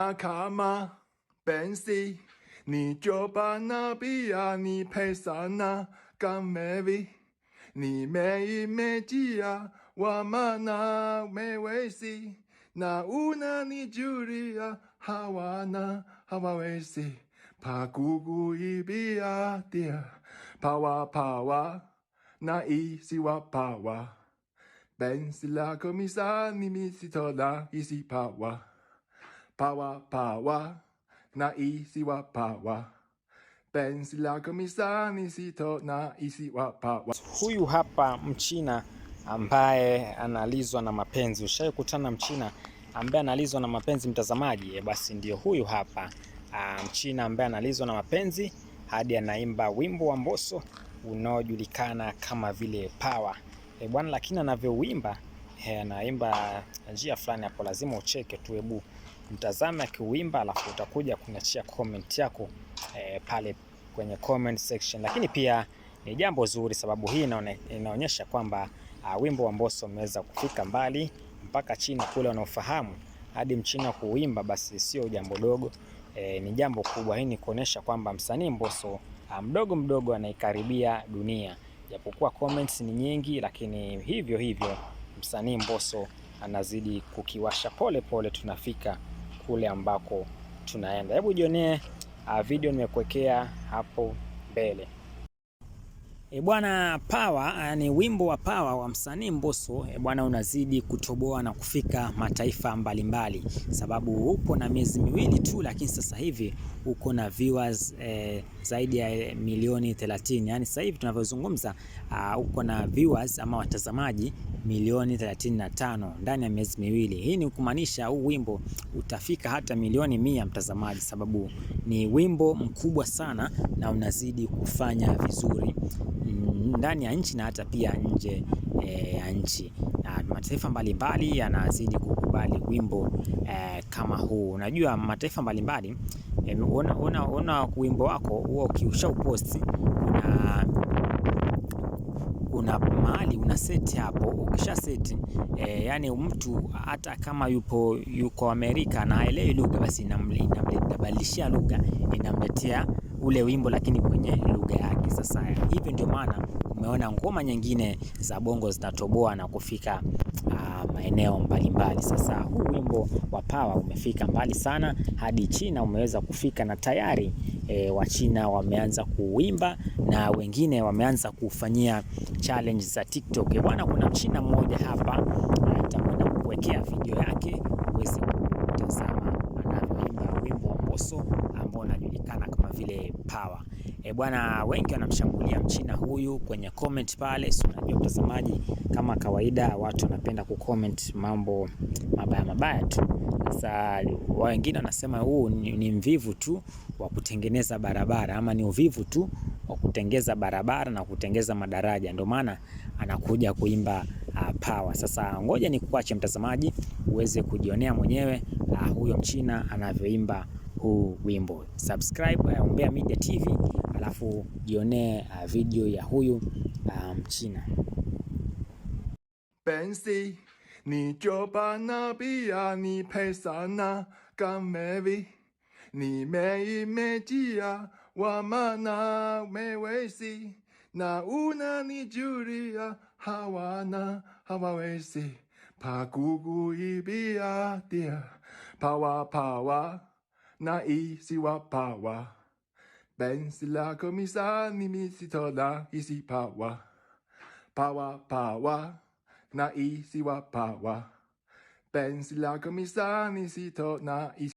阿卡玛本西，你就把那比亚你配上那干美味，你美一美吉啊，我们那美味西，那乌那你就里啊，哈瓦那哈瓦味西，怕姑姑一比亚的，怕哇怕哇，那伊西哇怕哇，本西拉克米萨尼米西托拉伊西怕哇。Power, power, isi wa power. Penzi lako sito zito, isi wa power. Huyu hapa Mchina ambaye analizwa na mapenzi. Ushawahi kukutana Mchina ambaye analizwa na mapenzi, mtazamaji? Eh, basi ndio huyu hapa ah, Mchina ambaye analizwa na mapenzi hadi anaimba wimbo wa Mbosso unaojulikana kama vile Power. E bwana, lakini anavyouimba anaimba eh, njia fulani hapo, lazima ucheke tu. Hebu mtazame akiuimba, alafu utakuja kuniachia comment yako e, pale kwenye comment section. Lakini pia ni jambo zuri, sababu hii inaonyesha kwamba uh, wimbo wa Mbosso umeweza kufika mbali mpaka China kule wanaofahamu hadi mchina kuuimba, basi sio jambo dogo e, ni jambo kubwa. Hii ni kuonyesha kwamba msanii Mbosso ah, mdogo mdogo anaikaribia dunia, japokuwa comments ni nyingi, lakini hivyo hivyo msanii Mbosso anazidi kukiwasha pole pole, tunafika kule ambako tunaenda. Hebu jionee ah, video nimekuwekea hapo mbele. E bwana, Pawa eh, ni wimbo wa Pawa wa msanii Mbosso e bwana, unazidi kutoboa na kufika mataifa mbalimbali, sababu upo na miezi miwili tu, lakini sasa hivi uko na viewers e, zaidi ya eh, milioni 30. Yani sasa hivi tunavyozungumza, uh, uko na viewers ama watazamaji milioni 35 ndani ya miezi miwili. Hii ni kumaanisha huu wimbo utafika hata milioni mia mtazamaji, sababu ni wimbo mkubwa sana na unazidi kufanya vizuri ndani ya nchi na hata pia nje e, ya nchi, na mataifa mbalimbali yanazidi kukubali wimbo e, kama huu. Unajua mataifa mbalimbali e, una, una, una wimbo wako huo ukiusha uposti una una mahali una set hapo, ukisha set e, yani mtu hata kama yupo yuko Amerika na haelewi lugha, basi inabadilishia lugha, inamletea ule wimbo lakini kwenye lugha yake. Sasa hivyo ndio maana umeona ngoma nyingine za bongo zinatoboa na kufika uh, maeneo mbalimbali. Sasa huu wimbo wa Pawa umefika mbali sana hadi China umeweza kufika na tayari e, Wachina wameanza kuuimba na wengine wameanza kufanyia challenge za TikTok. E, bwana kuna mchina mmoja hapa ah, nitakwenda kuwekea video yake uweze kutazama anavyoimba wimbo wa Mbosso ambao unajulikana kama vile Power. E bwana, wengi wanamshambulia mchina huyu kwenye comment pale. Si unajua mtazamaji, kama kawaida, watu wanapenda kucomment mambo mabaya mabaya tu. Sasa wengine wanasema huu ni, ni mvivu tu wa kutengeneza barabara ama ni uvivu tu wa kutengeza barabara na kutengeza madaraja, ndio maana anakuja kuimba uh, power. Sasa ngoja nikuache mtazamaji uweze kujionea mwenyewe uh, huyo mchina anavyoimba huu wimbo. Subscribe uh, eh, Umbea Media TV alafu jionee uh, video ya huyu eh, Mchina pensi ni na pia ni pesana kamevi ni wamana mewesi na una juria hawana hawawesi pakukuibia dia pawapawa pa pawa. Ben sila komisa pa wa. isi pawa. Pawa pawa, pa pawa. Ben sila komisa to na